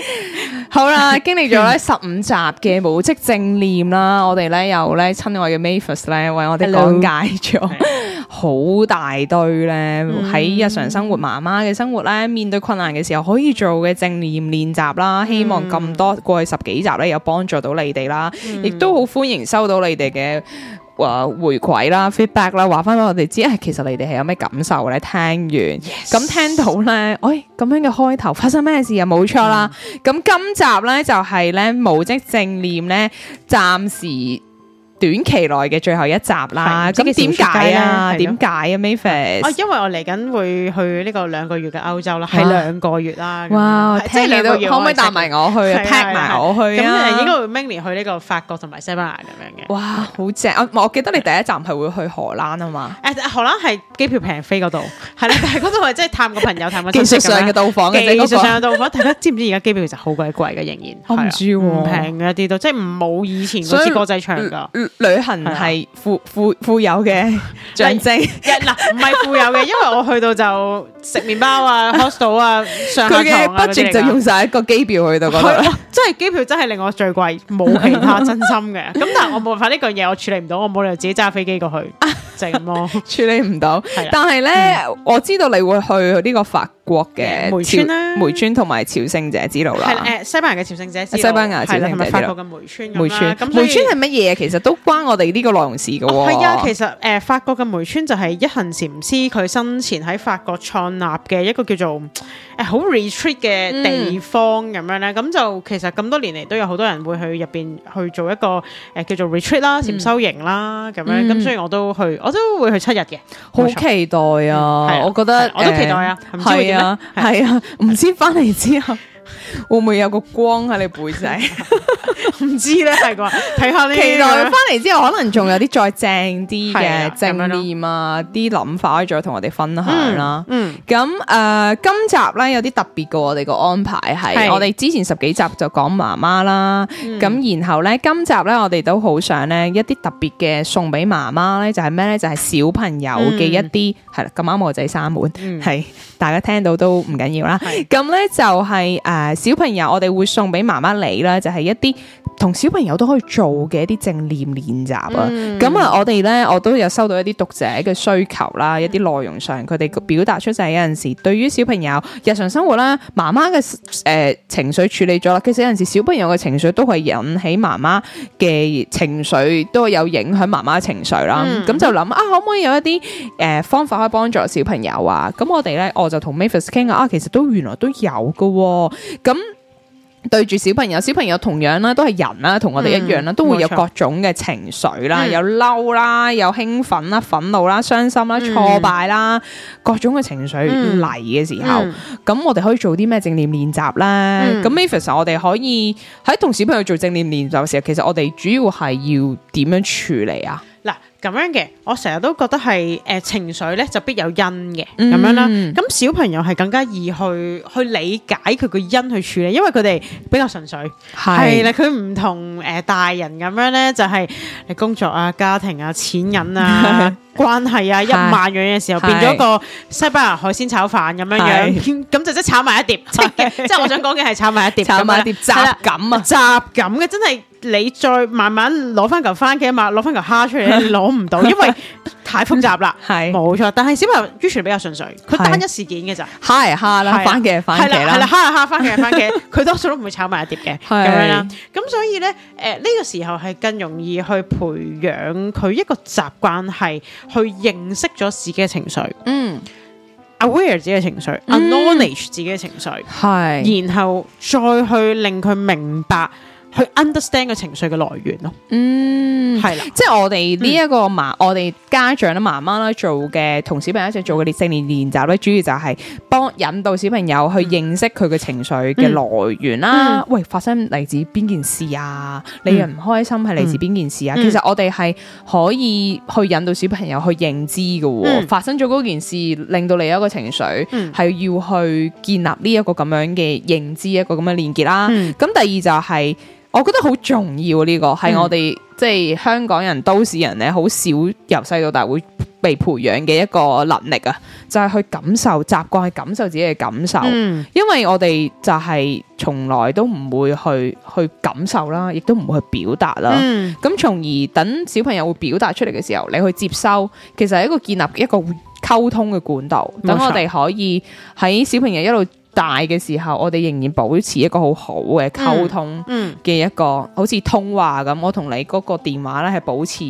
好啦，經歷咗咧十五集嘅母職正念啦， 我哋咧有咧親愛嘅 Mavis 咧為我哋講解咗好 Hello. 大堆咧喺日常生活媽媽嘅生活咧面對困難嘅時候可以做嘅正念練習啦，mm. 希望咁多過去十幾集咧有幫助到你哋啦，亦都好歡迎收到你哋嘅。話回饋啦、feedback 啦，話翻俾我哋知，係其實你哋係有咩感受咧？聽完咁 Yes. 聽到咧，哎咁樣嘅開頭發生咩事啊？冇錯啦，咁、um. 今集咧就係、是、咧母職正念咧，暫時，短期內嘅最後一集啦，咁點解啊？點解啊？Mavis 啊，因為我嚟緊會去呢個兩個月嘅歐洲啦，係兩個月啦。哇！即係兩個月，可唔可以搭埋我去 pack 埋我去啊？應該會明年去呢個法國同埋西班牙咁樣嘅。哇！好正啊！我記得你第一站係會去荷蘭啊嘛。誒，荷蘭係機票平飛嗰度。係啦，但係嗰度係即係探個朋友，探個技術上嘅到訪嘅技術上嘅到訪， 大家知唔知而家機票其實好鬼貴嘅，仍然唔知平、啊、一啲都即係冇以前嗰支歌仔唱噶旅行係富的富富有嘅象徵。嗱， 唔、哎、係富有嘅，因為我去到就食麵包啊、hostel 啊、上下床啊，不斷就用晒一個機票去到嗰度。即係機票真係令我最貴，冇其他真心嘅。咁 但係我冇辦法呢樣嘢，我處理唔到，我冇理由自己揸飛機過去。 處理唔到，但係咧，嗯、我知道你會去呢個法國嘅梅村啦，梅村同埋朝聖者之路啦。係誒、呃，西班牙嘅朝聖者西班牙係啦，同埋法國嘅梅村。梅村咁，啊、梅村係乜嘢？其實都我關我哋呢個內容事嘅。係啊、哦，其實誒、呃，法國嘅梅村就係一行禪師佢生前喺法國創立嘅一個叫做誒好、呃、retreat 嘅地方咁、嗯、樣咧。咁就其實咁多年嚟都有好多人會去入邊去做一個誒、呃、叫做 retreat 啦、禪修營啦咁樣。咁、嗯、所以我都去都會去七日嘅，好，冇錯，期待啊！嗯、我覺得、啊嗯啊、我都期待啊，唔知點咧？係啊，係啊，唔知翻嚟之後。 會唔會有，有個光喺你背脊？唔知咧，係啩？睇下你期待翻嚟之後，可能仲有啲再正啲嘅正念啊，啲諗 對對 法可以再同我哋分享啦。嗯，咁誒、嗯，uh, 今集咧有啲特別嘅，我哋個安排係我哋之前十幾集就講媽媽啦。咁、嗯、然後咧，今集咧我哋都好想咧一啲特別嘅送俾媽媽咧，就係咩咧？就係小朋友嘅一啲係啦，咁啱我仔喺三門，係大家聽到都唔緊要啦。咁咧、嗯嗯、就係、是、誒。Uh, 誒，小朋友，我哋會送俾媽媽你啦，就係、是、一啲同小朋友都可以做嘅一啲正念練習啊。咁啊、嗯，我哋咧，我都有收到一啲讀者嘅需求啦，一啲內容上，佢哋表達出就係有陣時，對於小朋友日常生活啦，媽媽嘅誒情緒處理咗啦，其實有陣時小朋友嘅情緒都係引起媽媽嘅情緒，都係有影響媽媽情緒啦。咁、嗯、就諗啊，可唔可以有一啲誒、呃、方法可以幫助小朋友啊？咁我哋咧，我就同 Mavis 傾偈啊，其實都原來都有噶、哦。咁對住小朋友，小朋友同樣啦，都係人啦，同我哋一樣啦，都會有各種嘅情緒啦，沒錯 有嬲啦，有興奮啦，憤怒啦，傷心啦，挫敗啦，嗯、各種嘅情緒嚟嘅時候，咁、嗯、我哋可以做啲咩正念練習咧？咁、嗯、Mavis，、啊、我哋可以喺同小朋友做正念練習嘅時候，其實我哋主要係要點樣處理啊？咁樣嘅，我成日都覺得係誒情緒咧就必有因嘅咁樣啦。咁小朋友係更加易去去理解佢個因去處理，因為佢哋比較純粹係啦。佢唔同誒大人咁樣咧，就係你工作啊、家庭啊、錢銀啊、關係啊，一萬樣嘅時候變咗個西班牙海鮮炒飯咁樣樣，咁就即炒埋一碟。即係我想講嘅係炒埋一碟，炒埋一碟雜感啊，雜感嘅真係。你再慢慢攞翻嚿番茄啊嘛，攞翻嚿蝦出嚟，你攞唔到，因為太複雜啦。係冇是錯，但係小朋友完全比較順水，佢單一事件嘅咋，蝦係蝦啦，番茄係番茄啦，係啦、啊，蝦係蝦，番茄係番茄，佢、啊、 多數都唔會炒埋一碟嘅咁是樣啦、啊。咁、嗯、所以咧，誒、呃、呢、這個時候係更容易去培養佢一個習慣，係去認識咗自己嘅情緒，嗯，aware 自己嘅情緒，acknowledge 自己嘅情緒，係、嗯，然後再去令佢明白。去 understand 個情緒嘅來源咯，嗯，係啦，即係我哋呢一個媽，我哋家長咧，媽媽咧做嘅，同小朋友一齊做嘅正念練習咧，主要就係幫引導小朋友去認識佢嘅情緒嘅來源啦。喂，發生嚟自邊件事啊？你又唔開心係嚟自邊件事啊？其實我哋係可以去引導小朋友去認知嘅，發生咗嗰件事，令到你有一個情緒，係要去建立呢一個咁樣嘅認知一個咁嘅連結啦。咁第二就係。我覺得好重要呢、啊呢個係我哋、嗯、即係香港人都市人咧，好少由細到大會被培養嘅一個能力啊！就係、係、去感受、習慣去感受自己嘅感受，嗯、因為我哋就係從來都唔會去去感受啦，亦都唔會去表達啦。咁、嗯，從而等小朋友會表達出嚟嘅時候，你去接收，其實係一個建立一個溝通嘅管道，等冇錯我哋可以喺小朋友一路大嘅時候，我哋仍然保持一個好好嘅溝通嘅一個，嗯嗯、好似通話咁，我同你嗰個電話咧係保持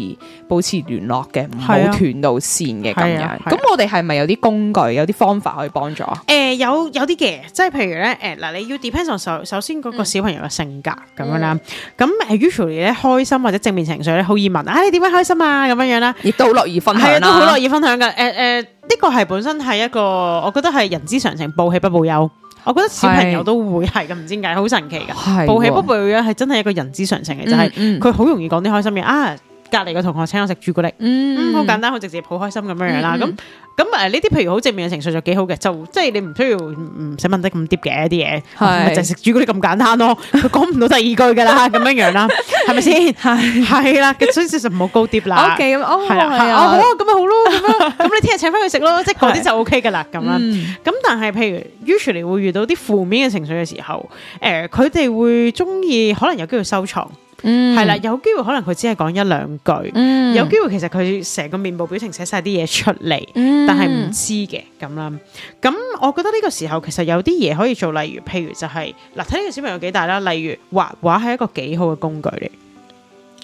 保持聯絡嘅，唔好斷到線嘅咁樣。咁、啊啊、我哋係咪有啲工具，有啲方法可以幫助誒、嗯嗯，有有啲嘅，即係譬如咧，誒嗱，你要 depend on 首首先嗰個小朋友嘅性格咁樣啦。咁誒，usually 咧開心或者正面情緒咧，好易問啊，你點樣開心啊？咁樣樣啦，亦都好樂意分享啦、啊，都好樂意分享噶。誒誒、嗯。嗯嗯呢個係本身係一個，我覺得係人之常情，報喜不報憂。我覺得小朋友都會係咁，唔知點解，好神奇㗎。係。報喜不報憂係真係一個人之常情嘅，嗯嗯、就係佢好容易講啲開心嘢啊。隔籬個同學請我食朱古力嗯嗯嗯，嗯，好簡單，好直接，好開心咁樣樣啦。咁。咁誒，呢啲譬如好正面嘅情緒就幾好嘅，就即係你唔需要唔使、嗯、問得咁 deep 嘅啲嘢，就食朱古力咁簡單咯。佢講唔到第二句噶啦，咁 樣樣啦，係咪先？係係啦，所以就唔好高 deep 啦。O K 咁哦，係的、嗯、啊，好啊，咁咪好咯，咁 你聽日請翻佢食咯，即係嗰啲就 O K 噶啦，咁樣。咁、嗯、但係譬如 usually 會遇到啲負面嘅情緒嘅時候，誒、呃，佢哋會中意可能有機會收藏。係啦、嗯，有機會可能佢只係講一兩句，嗯、有機會其實佢成個面部表情寫晒啲嘢出嚟，嗯、但係唔知嘅咁啦。咁我覺得呢個時候其實有啲嘢可以做，例如譬如就係、是、嗱，睇呢個小朋友幾大啦，例如畫畫係一個幾好嘅工具嚟，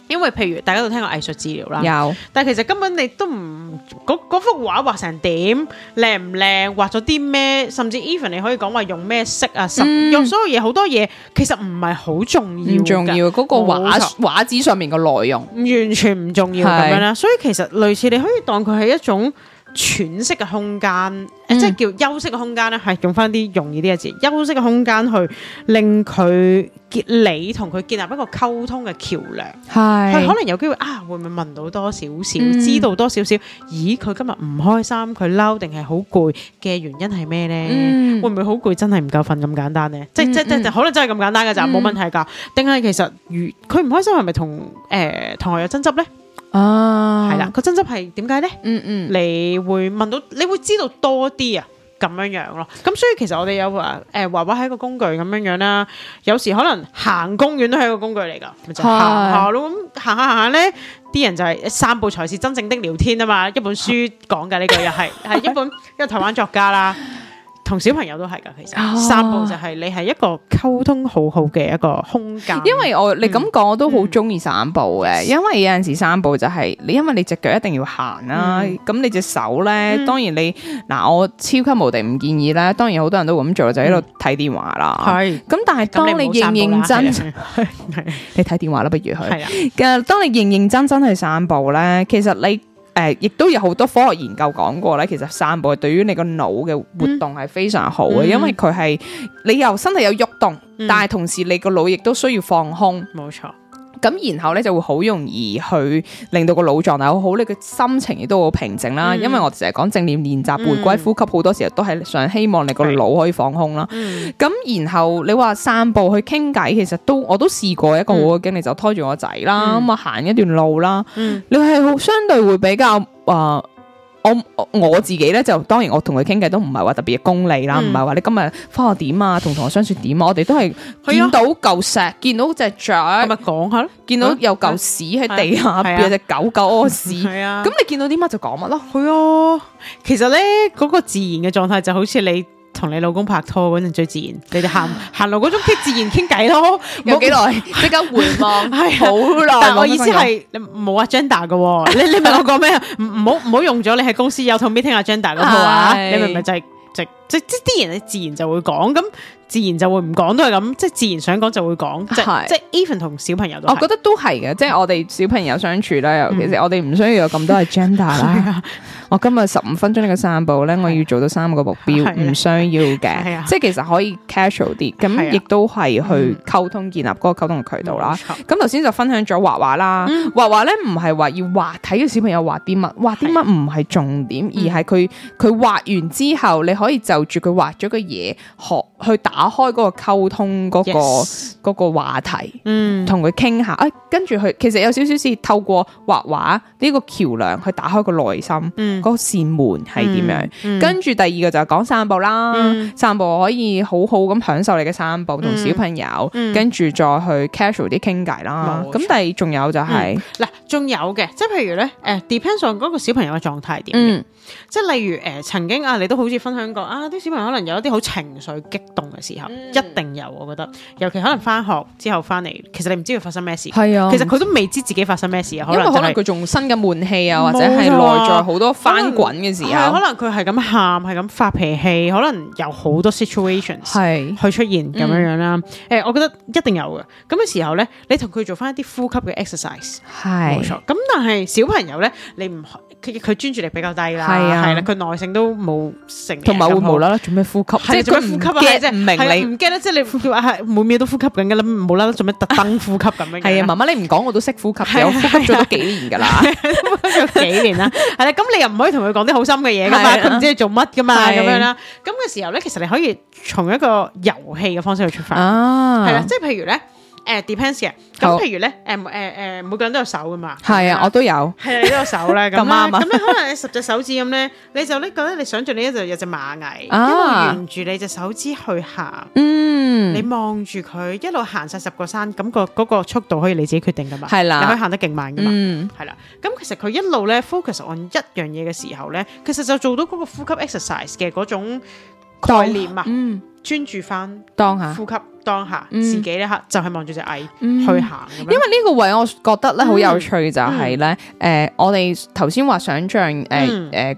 因為譬如大家都聽過藝術治療啦，有，但係其實根本你都唔。嗰幅畫畫成點，靚唔靚，畫咗啲咩，甚至 even 你可以講話用咩色啊用，嗯、所有嘢，好多嘢其實唔係好重要，唔重要嗰，嗰個畫畫紙上面嘅內容完全唔重要咁樣啦是所以其實類似你可以當佢係一種。喘息嘅空間，即係叫休息嘅空間咧，係用翻啲容易啲嘅字，休息嘅空間去令佢，你同佢建立一個溝通嘅橋梁，係，佢可能有機會啊，會唔會問到多少少，知道多少少？咦，佢今日唔開心，佢嬲定係好攰嘅原因係咩咧？會唔會好攰，真係唔夠瞓咁簡單咧？即即即可能真係咁簡單嘅咋，冇問題㗎。定係其實如佢唔開心，係咪同誒同學有爭執咧？哦，係啦、啊，個爭執係點解咧？嗯嗯，你會問到，你會知道多啲啊，咁樣樣咯。咁所以其實我哋有話，誒、呃，娃娃係一個工具咁樣樣啦。有時可能行公園都係一個工具嚟噶，咪是就行下咯。咁行下行下咧，啲人就係散步才是真正的聊天啊嘛。一本書講嘅呢個又係係一本一個 台灣作家啦。同小朋友都係㗎，其實散步就係你係一個溝通好好嘅一個空間。因為我你咁講，我都好鍾意散步嘅。因為有陣時散步就係你，因為你隻腳一定要行啦。咁你隻手呢，當然你嗱，我超級無敵唔建議啦。當然好多人都咁做，就喺度睇電話啦。係。咁但係當你認認真，你睇電話啦，不如去。係啊。嘅，當你認認真真去散步呢，其實你。誒，亦、呃、都有好多科學研究講過咧，其實散步對於你個腦嘅活動係非常好嘅，嗯、因為佢係你又身體有喐動，嗯、但係同時你個腦亦都需要放空，冇錯。咁然後咧就會好容易去令到個腦狀態好好，你嘅心情亦都好平靜啦。嗯、因為我成日講正念練習回歸呼吸，好多時候都係想希望你個腦可以放空啦。咁、嗯、然後你話散步去傾偈，其實都我都試過一個好嘅經歷，嗯、就拖住我仔啦咁，啊行一段路啦。嗯、你係好，相對會比較誒。呃我我自己咧就當然，我同佢傾偈都唔係話特別嘅功利啦，唔係話你今日翻學點啊，同同學相處點啊，我哋都係去是、啊、到舊石，見到隻雀咁咪講下咯。是是說說說見到有舊屎喺地下邊，有隻是、啊、狗隻狗屙屎，咁你見到啲乜就講乜咯。去 啊，其實咧嗰、嗰個自然嘅狀態就好似你。同你老公拍拖嗰陣最自然，你哋行行路嗰種即自然傾偈咯，冇幾耐即刻回望係好耐。但我意思係你冇 agenda 嘅，你、哦、你，你明我講咩啊？唔好唔好用咗，你喺公司有同邊聽 agenda 嗰套話，你明唔明、就是？就係即即即啲人咧自然就會講，咁自然就會唔講都係咁，即自然想講就會講，即即 even 同小朋友都， 我覺得都係嘅，即我哋小朋友相處咧，其實我哋唔需要有咁多 agenda 啦。 我今日十五分鐘呢個散步咧，我要做到三個目標，唔的需要嘅，即係其實可以 casual 啲，咁亦都係去溝通建立嗰個溝通渠道啦。咁頭先就分享咗畫畫啦，嗯、畫畫咧唔係話要畫，睇嘅小朋友畫啲乜，畫啲乜唔係重點，的而係佢佢畫完之後，你可以就住佢畫咗個嘢，學去打開嗰個溝通嗰、嗰個嗰、嗯、個話題，嗯，同佢傾下，哎，跟住佢其實有少少似透過畫畫呢個橋梁去打開個內心，嗯嗰扇門係點樣？跟住第二個就係講散步啦，散步可以好好咁享受你嘅散步同小朋友，跟住再去 casual 啲傾偈啦。咁第仲有就係嗱，仲有嘅，即係譬如咧，誒，depends on 嗰個小朋友嘅狀態點？嗯，即係例如誒，曾經啊，你都好似分享過啊，啲小朋友可能有一啲好情緒激動嘅時候，一定有，我覺得，尤其可能翻學之後翻嚟，其實你唔知佢發生咩事，係啊，其實佢都未知自己發生咩事啊，可能可能佢仲新嘅悶氣啊，或者係內在好多。翻滾嘅時候，可能佢係咁喊，係咁發脾氣，可能有好多 situations 係是去出現咁樣樣啦。誒、嗯欸，我覺得一定有嘅。咁嘅時候咧，你同佢做翻一啲呼吸嘅 exercise，係冇錯是。咁但係小朋友咧，你唔。佢佢專注力比較低啦，係啦，佢耐性都冇成，同埋會無啦啦做咩呼吸，即係做咩呼吸啊？即係唔明你唔記得，即係你係每秒都呼吸緊㗎啦，無啦啦做咩特登呼吸咁樣？係啊，媽媽你唔講我都識呼吸嘅，我呼吸咗幾年㗎啦，呼吸咗幾年啦，係啦，咁你又唔可以同佢講啲好深嘅嘢㗎嘛？佢唔知你做乜㗎嘛？咁樣啦，咁嘅時候咧，其實你可以從一個遊戲嘅方式去出發，係啦，即係譬如咧。誒 depends 嘅，咁譬如咧，誒誒誒每個人都有手噶嘛，係啊，我都有，係啊，你都有手啦咁啊，咁可能你十隻手指咁咧，你就咧覺得你想像你一隻有隻螞蟻一路沿住你隻手指去行，嗯，你望住佢一路行晒十個山，咁個嗰個速度可以你自己決定噶嘛，係啦，你可以行得勁慢噶嘛，嗯，係啦，咁其實佢一路咧 focus on 一樣嘢嘅時候咧，其實就做到嗰個呼吸 exercise 嘅嗰種概念啊，嗯。專注翻當下呼吸，當下自己咧吓就係望住隻蟻去行。因為呢個位我覺得咧好有趣，就是，就係咧誒，我哋頭先話想象誒誒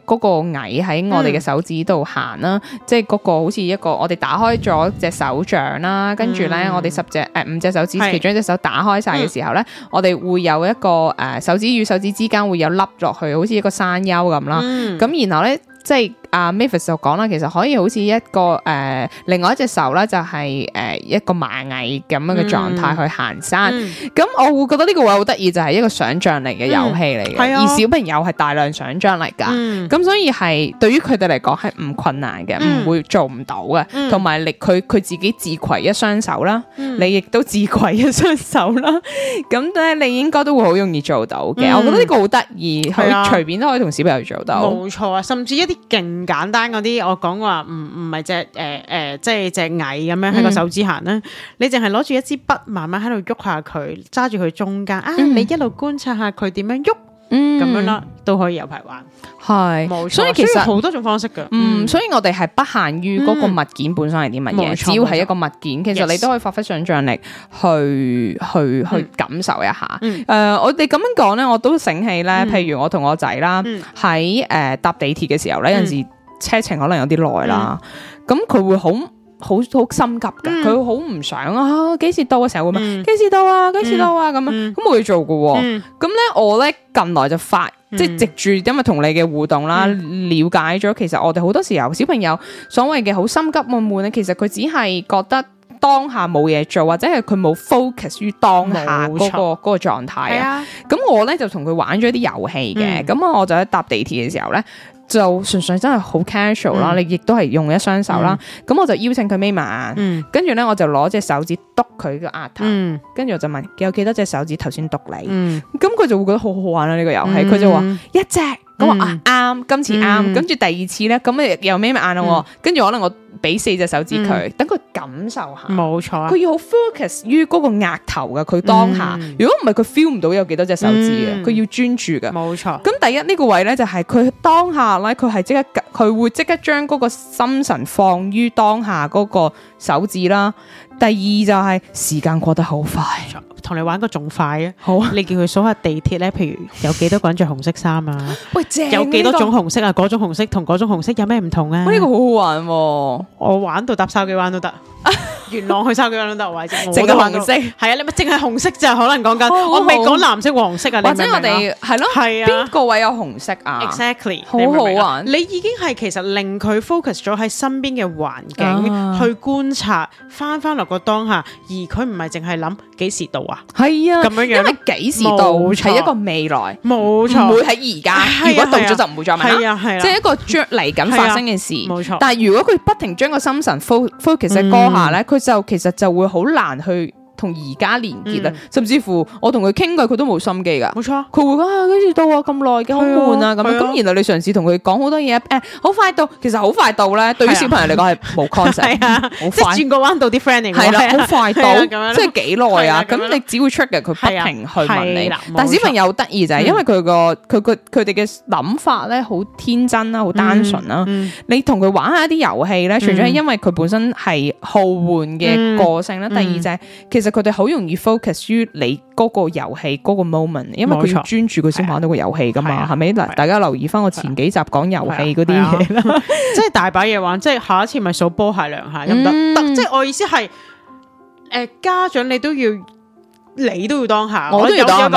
嗰個蟻喺我哋嘅手指度行啦，嗯、即係嗰個好似一個我哋打開咗隻手掌啦，跟住咧我哋十隻誒、啊、五隻手指，嗯嗯、其中一隻手打開晒嘅時候咧，嗯、我哋會有一個誒、呃、手指與手指之間會有凹落去，好似一個山丘咁啦。咁、嗯嗯、然後咧即係呢。嗯阿 Mavis 就講啦，其實可以好似一個誒，另外一隻手啦，就係誒一個螞蟻咁樣嘅狀態去行山。咁我會覺得呢個位好得意，就係一個想象力嘅遊戲嚟嘅。而小朋友係大量想象力噶，咁所以係對於佢哋嚟講係唔困難嘅，唔會做唔到嘅。同埋力佢佢自己自攜一雙手啦，你亦都自攜一雙手啦。咁咧你應該都會好容易做到嘅。我覺得呢個好得意，佢以隨便都可以同小朋友做到。冇錯啊，甚至一啲勁。唔簡單啲，我講話唔唔係隻誒誒，即係隻蟻咁樣，喺個、嗯、手指行啦。你淨係攞住一支筆慢慢喺度喐下佢，揸住佢中間啊，你一路觀察下佢點樣喐。嗯，咁樣啦，都可以有排玩，係，冇錯。所以其實好多種方式嘅，嗯，所以我哋係不限於嗰個物件本身係啲乜嘢，只要係一個物件，其實你都可以發揮想象力去去去感受一下。誒，我哋咁樣講咧，我都醒起咧，譬如我同我仔啦，喺誒搭地鐵嘅時候咧，有陣時車程可能有啲耐啦，咁佢會好。好好心急噶，佢好唔想啊，幾時、嗯、時到啊？成日會問，幾時到啊？幾時到啊？咁、嗯、樣咁冇嘢做噶，咁咧我咧近來就發，即係藉住，因為同你嘅互動啦，嗯、了解咗，其實我哋好多時候小朋友所謂嘅好心急悶悶咧，其實佢只係覺得。當下冇嘢做，或者係佢冇 focus 於當下嗰個嗰個狀態啊。咁我咧就同佢玩咗啲遊戲嘅，咁我我就喺搭地鐵嘅時候咧，就純粹真係好 casual 啦。你亦都係用一雙手啦。咁我就邀請佢眯埋眼，跟住咧我就攞隻手指督佢個額頭，跟住我就問有幾多隻手指頭先督你？咁佢就會覺得好好玩啦呢個遊戲。佢就話一隻，咁我啊啱，今次啱，跟住第二次咧，咁誒又眯埋眼咯。跟住可能我俾四隻手指佢，等佢。感受下，冇錯、啊，佢要好 focus 於嗰個額頭嘅，佢當下，如果唔係佢 feel 唔到有幾多隻手指嘅，佢、嗯、要專注嘅。冇錯。咁第一呢個位咧，就係佢當下咧，佢係即刻，佢會即刻將嗰個心神放於當下嗰個手指啦。第二就係、是、時間過得好快，同你玩個仲快啊！好啊，你叫佢數下地鐵咧，譬如有幾多個人着紅色衫啊？ 喂，正有幾多種紅色啊？嗰、這個、種紅色同嗰種紅色有咩唔同啊？呢個好好玩喎、啊，我玩到搭手機玩都得。 元朗去沙角嶺嗰度位，淨得紅色，係啊，你咪淨係紅色就可能講緊。我未講藍色、黃色啊，你明唔明啊？或者我哋，係咯，係啊，邊個位有紅色啊？Exactly，好好啊！你已經係其實令佢 focus 咗喺身邊嘅環境去觀察，翻翻落個當下，而佢唔係淨係諗幾時到啊？係啊，咁樣樣，因為幾時到係一個未來，冇錯，唔會喺而家。如果到咗就唔會再問，係啊，係啦，即係一個將嚟緊發生嘅事，冇錯。但係如果佢不停將個心神 focus 喺當下咧，佢。就其實就會好難去，同而家連結啊，甚至乎我同佢傾偈，佢都冇心機噶，冇錯。佢會講啊，幾時到啊？咁耐嘅，好悶啊！咁樣咁，然後你嘗試同佢講好多嘢，誒，好快到，其實好快到咧。對於小朋友嚟講係冇 concept 係啊，即係轉個彎到啲 friend 嚟啦，好快到，即係幾耐啊？咁你只會 check 嘅，佢不停去問你。但係小朋友得意就係，因為佢個佢佢哋嘅諗法咧，好天真啦，好單純啦。你同佢玩下一啲遊戲咧，除咗係因為佢本身係好玩嘅個性啦，第二就係其實。佢哋好容易 focus 於你嗰個遊戲嗰個 moment，因為佢要專注佢先玩到個遊戲噶嘛，係咪？嗱，大家留意翻我前幾集講遊戲嗰啲嘢啦，即係大把嘢玩，即係下一次咪數波鞋涼鞋咁得。即係我意思係，誒，家長你都要，你都要當下，我都要當下，你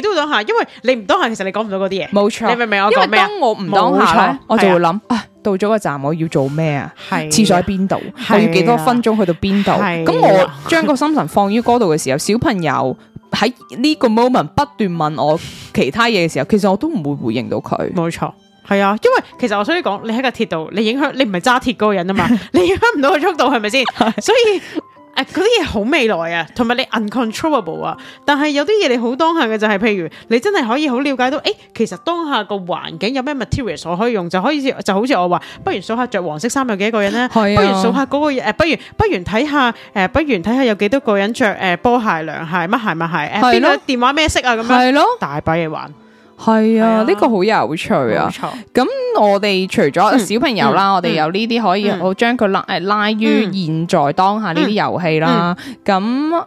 都要當下，因為你唔當下，其實你講唔到嗰啲嘢，冇錯，你明唔明我講咩？因為當我唔當下，我就會諗。到咗個站我要做咩啊？廁所喺邊度？啊、我要幾多分鐘去到邊度？咁、啊、我將個心神放於嗰度嘅時候，小朋友喺呢個 moment 不斷問我其他嘢嘅時候，其實我都唔會回應到佢。冇錯，係啊，因為其實我所以講，你喺個鐵度，你影響你唔係揸鐵嗰個人啊嘛， 你影響唔到佢速度係咪先？是是 所以。嗰啲嘢好未來啊，同埋你 uncontrollable 啊，但係有啲嘢你好當下嘅就係，譬如你真係可以好了解到，誒，其實當下個環境有咩 material 所可以用，就可以就好似我話，不如數下着黃色衫有幾多個人咧，不如數下嗰個誒，不如不如睇下誒，不如睇下有幾多個人着誒波鞋涼鞋乜鞋乜鞋，誒，邊個電話咩色啊，咁樣，係咯，大把嘢玩。係啊，呢、啊、個好有趣啊！咁冇錯，我哋除咗小朋友啦，嗯嗯，我哋有呢啲可以，我將佢拉誒拉於現在當下呢啲遊戲啦，咁、嗯。嗯嗯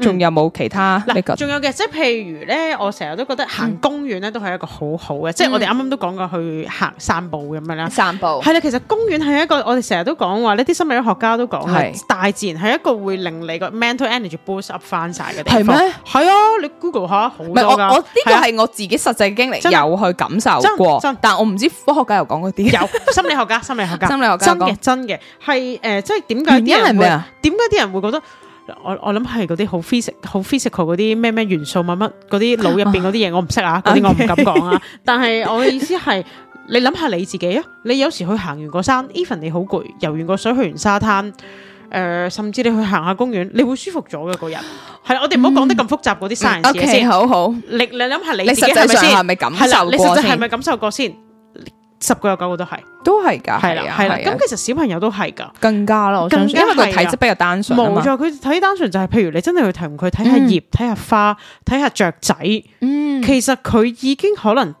仲有冇其他？嗱，仲有嘅，即係譬如咧，我成日都覺得行公園咧都係一個好好嘅，即係我哋啱啱都講過去行散步咁樣啦。散步係啦，其實公園係一個我哋成日都講話，呢啲心理學家都講係大自然係一個會令你個 mental energy boost up 翻晒嘅。係咪？係啊，你 Google 下好多㗎。唔係我我呢個係我自己實際經歷有去感受過，但我唔知科學家又講過啲。有心理學家，心理學家，心理學家真嘅真嘅係誒，即係點解？原因係咩啊？點解啲人會覺得？我我諗係嗰啲好 physical、physical 嗰啲咩咩元素嘛，乜嗰啲腦入邊嗰啲嘢，我唔識啊，嗰啲我唔敢講啊。 但係我嘅意思係，你諗下你自己啊。你有時去行完個山，even 你好攰，游完個水，去完沙灘，誒、呃，甚至你去行下公園，你會舒服咗嘅個人。係、嗯、我哋唔好講得咁複雜嗰啲 science 先。OK，好好。你你諗下你自己係咪先？係咪感受過？你實際係咪感受過先？十個有九個都係，都係噶，係啦，係啦。咁其實小朋友都係噶，更加咯。更加因為佢體質比較單純。冇錯，佢睇單純就係、是，譬如你真係去同佢，睇下葉，睇下花，睇下雀仔。嗯。其實佢已經可能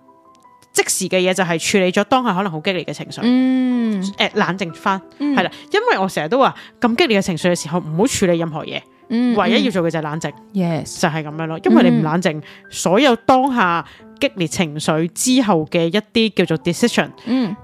即時嘅嘢就係處理咗，當係可能好激烈嘅情緒。嗯。誒、欸，冷靜翻，係啦、嗯。因為我成日都話，咁激烈嘅情緒嘅時候，唔好處理任何嘢。唯一要做嘅就係冷靜，Yes. 就係咁樣咯。因為你唔冷靜，嗯。所有當下激烈情緒之後嘅一啲叫做 decision。嗯。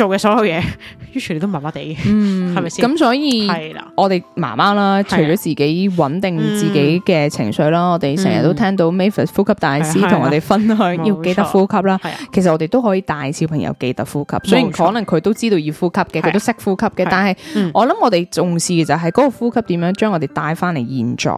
做嘅所有嘢，完全都麻麻哋。嗯，係咪先？咁所以係啦，我哋媽媽啦，除咗自己穩定自己嘅情緒啦，我哋成日都聽到 Mavis 呼吸大師同我哋分享，要記得呼吸啦。其實我哋都可以帶小朋友記得呼吸。雖然可能佢都知道要呼吸嘅，佢都識呼吸嘅，但係我諗我哋重視嘅就係嗰個呼吸點樣將我哋帶翻嚟現在。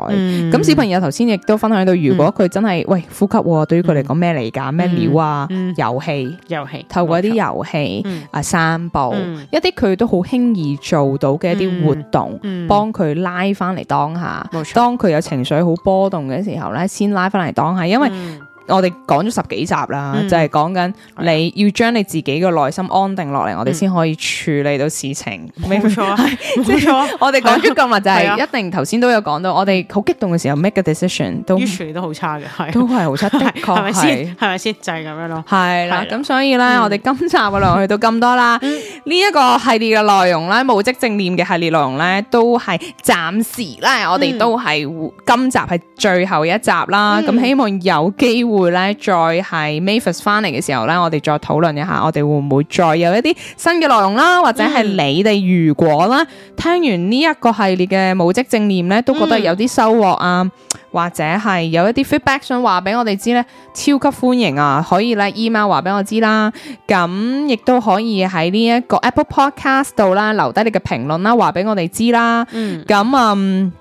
咁小朋友頭先亦都分享到，如果佢真係喂呼吸，對於佢嚟講咩嚟噶？咩料啊？遊戲，遊戲透過一啲遊戲啊。散步，嗯、一啲佢都好輕易做到嘅一啲活動，嗯、幫佢拉返嚟當下，沒錯。當佢有情緒好波動嘅時候咧，先拉返嚟當下，因為、嗯。我哋講咗十幾集啦，就係講緊你要將你自己嘅內心安定落嚟，我哋先可以處理到事情。冇錯，冇錯。我哋講咗咁耐，就係一定頭先都有講到，我哋好激動嘅時候 make 嘅 decision 都處理得好差嘅，係都係好差，的確係咪先？係咪先？就係咁樣咯。係啦，咁所以咧，我哋今集嘅內容去到咁多啦。呢一個系列嘅內容咧，母職正念嘅系列內容咧，都係暫時咧，我哋都係今集係最後一集啦。咁希望有機會。會咧再係 Mavis 翻嚟嘅時候咧，我哋再討論一下，我哋會唔會再有一啲新嘅內容啦？或者係你哋如果啦，聽完呢一個系列嘅母職正念咧，都覺得有啲收穫啊，或者係有一啲 feedback 想話俾我哋知咧，超級歡迎啊！可以咧 email 話俾我知啦，咁亦都可以喺呢一個 Apple Podcast 度啦，留低你嘅評論啦，話俾我哋知啦。嗯，咁嗯。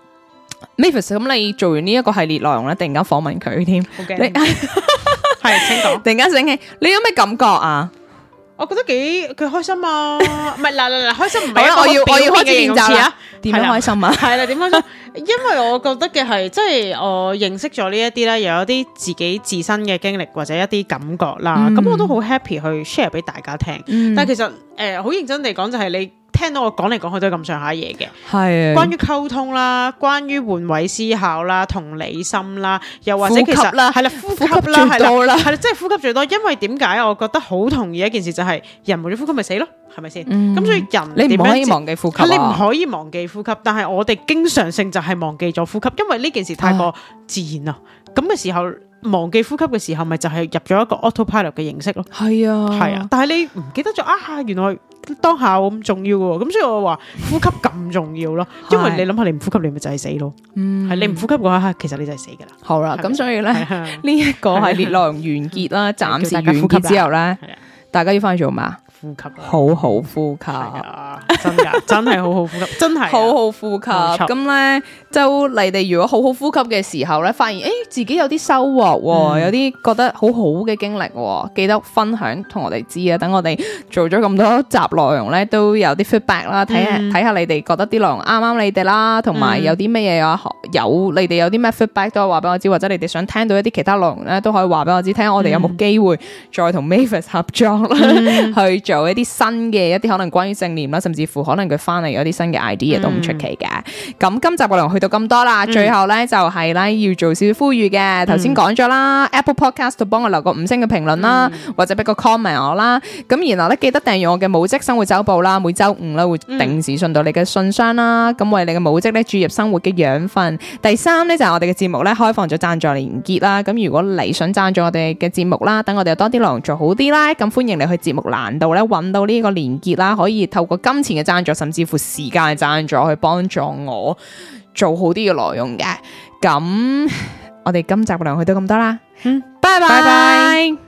Mavis，咁你做完呢一個系列內容咧，突然間訪問佢添，係清講，突然間醒起，你有咩感覺啊？我覺得幾佢開心啊，唔係嗱嗱嗱，開心唔係我要我要開始練習啊，點開心啊？係啦的，點 開心？ 因為我覺得嘅係，即係我認識咗呢一啲咧，又有啲自己自身嘅經歷或者一啲感覺啦，咁、嗯、我都好 happy 去 share 俾大家聽。嗯、但係其實誒，好、呃、認真地講，就係、是、你聽到我講嚟講去都係咁上下嘢嘅，係的關於溝通啦，關於換位思考啦，同理心啦，又或者其實係啦，啦，呼吸啦，係啦，係啦，即、就、係、是、呼吸最多。因為點解？我覺得好同意一件事、就是，就係人冇咗呼吸咪死咯。係咪先？咁所以人，你唔可以忘記呼吸，你唔可以忘記呼吸。但係我哋經常性就係忘記咗呼吸，因為呢件事太過自然啦。咁嘅時候忘記呼吸嘅時候，咪就係入咗一個 autopilot 嘅形式咯。係啊，係啊。但係你唔記得咗啊？原來當下咁重要嘅，咁所以我話呼吸咁重要咯。因為你諗下，你唔呼吸，你咪就係死咯。嗯，係你唔呼吸嘅話，其實你就係死噶啦。好啦，咁所以咧，呢一個系列內容完結啦，暫時完結之後咧，大家要翻去做嘛？好好呼吸。嗯。啊。啊。真噶，真係好，好好呼吸，真係好好呼吸。咁咧，就你哋如果好好呼吸嘅時候咧，發現誒、欸、自己有啲收穫，嗯、有啲覺得好好嘅經歷，嗯、記得分享同我哋知啊。等我哋做咗咁多集內容咧，都有啲 feedback 啦。睇下睇下你哋覺得啲內容啱啱你哋啦，同埋有啲咩嘢啊？嗯、有你哋有啲咩 feedback 都可以話俾我知，或者你哋想聽到一啲其他內容咧，都可以話俾我知。睇下我哋有冇機會再同 Mavis 合作啦，嗯、 去做一啲新嘅一啲可能關於正念啦，甚至～可能佢翻嚟有啲新嘅 idea、嗯、都唔出奇嘅。咁今集我哋去到咁多啦，嗯、最後呢，就係呢要做少少呼籲嘅。頭先講咗啦，Apple Podcast 幫我留個五星嘅評論啦，嗯、或者俾個 comment 我啦。咁然後呢，記得訂閱我嘅母職生活周報啦，每周五呢會定時送到你嘅信箱啦，咁、嗯、為你嘅母職呢注入生活嘅養分。第三呢，就係我哋嘅節目呢開放咗讚助連結啦。咁如果你想讚助我哋嘅節目啦，等我哋有多啲內容做好啲啦，咁歡迎你去節目難度揾到呢個連結啦，可以透過金錢賺咗，甚至乎時間爭咗，去幫助我做好啲嘅內容嘅。咁 我哋今集嘅量去到咁多啦。嗯，拜拜。